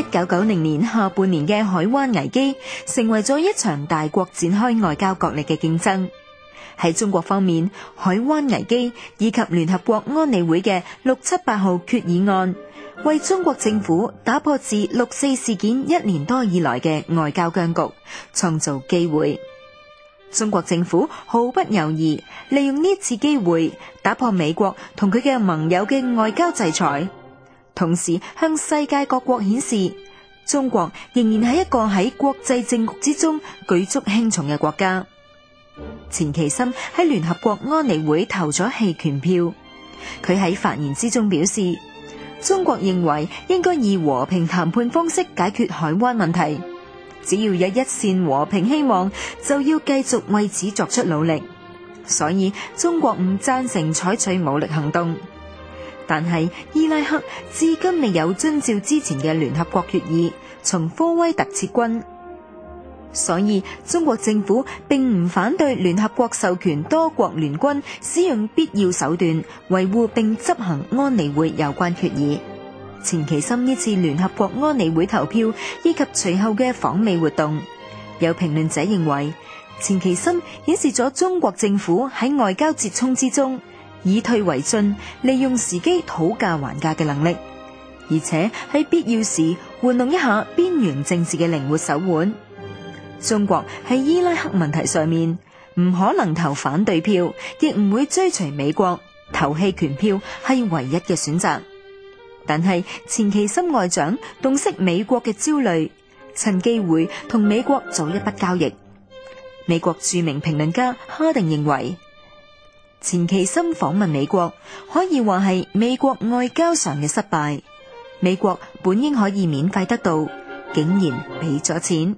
一九九零年下半年嘅海灣危機，成為咗一場大國展開外交角力嘅競爭。喺中國方面，海灣危機以及聯合國安理會嘅六七八號決議案，為中國政府打破自六四事件一年多以來嘅外交僵局，創造機會。中國政府毫不猶豫利，利用呢次機會打破美國同佢嘅盟友嘅外交制裁。同時向世界各國顯示，中國仍然係一個喺國際政局之中舉足輕重嘅國家。錢其琛喺聯合國安理會投咗棄權票，佢喺發言之中表示，中國認為應該以和平談判方式解決海灣問題，只要有一線和平希望，就要繼續為此作出努力，所以中國唔贊成採取武力行動。但係伊拉克至今未有遵照之前嘅聯合國決議從科威特撤軍，所以中國政府並唔反對聯合國授權多國聯軍使用必要手段維護並執行安理會有關決議。錢其琛呢次聯合國安理會投票，以及隨後嘅訪美活動，有評論者認為錢其琛顯示咗中國政府喺外交折衝之中。以退為進，利用時機討價還價嘅能力，而且喺必要時玩弄一下邊緣政治嘅靈活手腕。中國喺伊拉克問題上面唔可能投反對票，亦唔會追隨美國投棄權票，係唯一嘅選擇。但係錢其琛外長洞悉美國嘅焦慮，趁機會同美國做一筆交易。美國著名評論家哈定認為。錢其琛訪問美國可以話係美國外交上嘅失敗，美國本應可以免費得到，竟然畀咗錢。